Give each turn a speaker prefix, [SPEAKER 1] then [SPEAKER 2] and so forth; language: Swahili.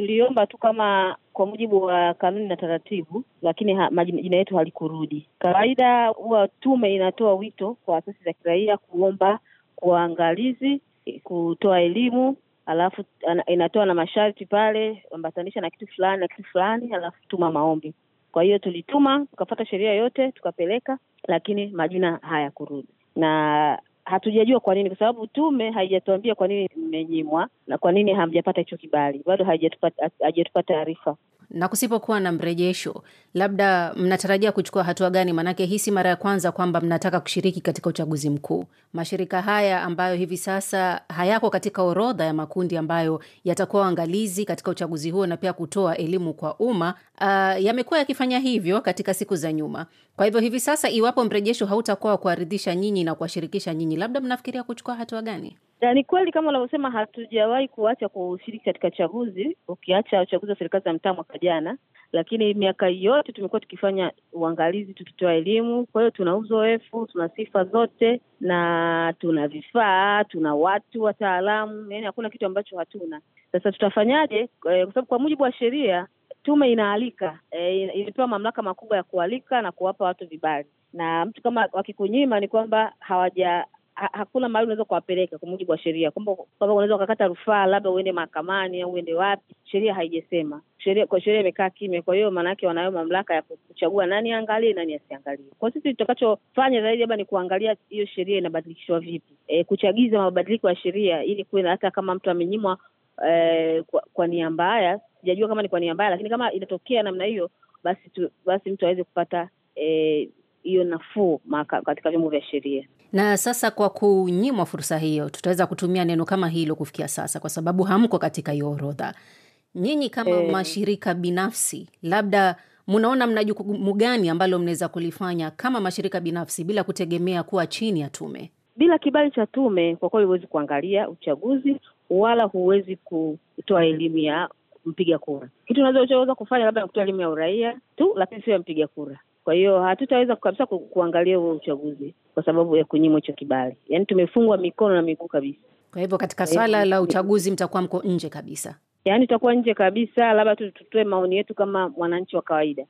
[SPEAKER 1] tuliomba tu kama kwa mujibu wa kanuni na taratibu, lakini majina yetu halikurudi. Kawaida huwa tume inatoa wito kwa asasi za kiraia kuomba kuangalizi kutoa elimu alafu inatoa na masharti pale, ambatanisha na kitu fulani na kitu fulani, alafu tuma maombi. Kwa hiyo tulituma tukafata sheria yote tukapeleka, lakini majina hayakurudi, na hatujajua kwa nini, kwa sababu tume haijatuambia kwa nini mmenyimwa na kwa nini hamjapata hicho kibali, bado
[SPEAKER 2] haijatupa taarifa na kusipokuwa na mrejesho, labda mnatarajia kuchukua hatua gani? Maanake hii si mara ya kwanza kwamba mnataka kushiriki katika uchaguzi mkuu. Mashirika haya ambayo hivi sasa hayako katika orodha ya makundi ambayo yatakuwa waangalizi katika uchaguzi huo na pia kutoa elimu kwa umma, uh, yamekuwa yakifanya hivyo katika siku za nyuma. Kwa hivyo hivi sasa, iwapo mrejesho hautakuwa wa kuwaridhisha nyinyi na kuwashirikisha nyinyi, labda mnafikiria kuchukua
[SPEAKER 1] hatua gani? Na eh, ni kweli kama unavyosema, hatujawahi kuacha kushiriki katika chaguzi, ukiacha uchaguzi wa serikali za mtaa mwaka jana, lakini miaka yote tumekuwa tukifanya uangalizi, tukitoa elimu. Kwa hiyo tuna uzoefu, tuna sifa zote, na tuna vifaa, tuna watu wataalamu, yani hakuna kitu ambacho hatuna. Sasa tutafanyaje? Eh, kwa sababu kwa mujibu wa sheria tume inaalika, e, imepewa mamlaka makubwa ya kualika na kuwapa watu vibali na mtu kama wakikunyima ni kwamba hawaja ha, hakuna mahali unaweza kuwapeleka kwa mujibu wa sheria, kwamba unaweza ukakata rufaa labda uende mahakamani au uende wapi. Sheria haijasema sheria, kwa sheria imekaa kimya. Kwa hiyo maana yake wanayo mamlaka ya kuchagua nani aangalie nani asiangalie. Kwa sisi tutakachofanya zaidi labda ni kuangalia hiyo sheria inabadilishwa vipi, e, kuchagiza mabadiliko ya sheria ili kuwe na hata kama mtu amenyimwa e, kwa, kwa nia mbaya, sijajua kama ni kwa nia mbaya, lakini kama inatokea namna hiyo basi tu, basi mtu aweze kupata e, hiyo e, nafuu katika vyombo vya sheria.
[SPEAKER 2] Na sasa kwa kunyimwa fursa hiyo, tutaweza kutumia neno kama hilo kufikia sasa, kwa sababu hamko katika hiyo orodha. Nyinyi kama e, mashirika binafsi, labda mnaona mna jukumu gani ambalo mnaweza kulifanya kama mashirika binafsi bila kutegemea kuwa chini ya tume?
[SPEAKER 1] Bila kibali cha tume, kwa kweli huwezi kuangalia uchaguzi wala huwezi kutoa elimu ya mpiga kura. Kitu unazoweza kufanya labda kutoa elimu ya uraia tu, lakini sio ya mpiga kura. Kwa hiyo hatutaweza kabisa ku, kuangalia huo uchaguzi kwa sababu ya kunyimwa hicho kibali, yaani tumefungwa mikono na miguu kabisa.
[SPEAKER 2] Kwa hivyo katika swala la uchaguzi mtakuwa mko nje kabisa,
[SPEAKER 1] yaani tutakuwa nje kabisa, labda tutoe maoni yetu kama mwananchi wa kawaida.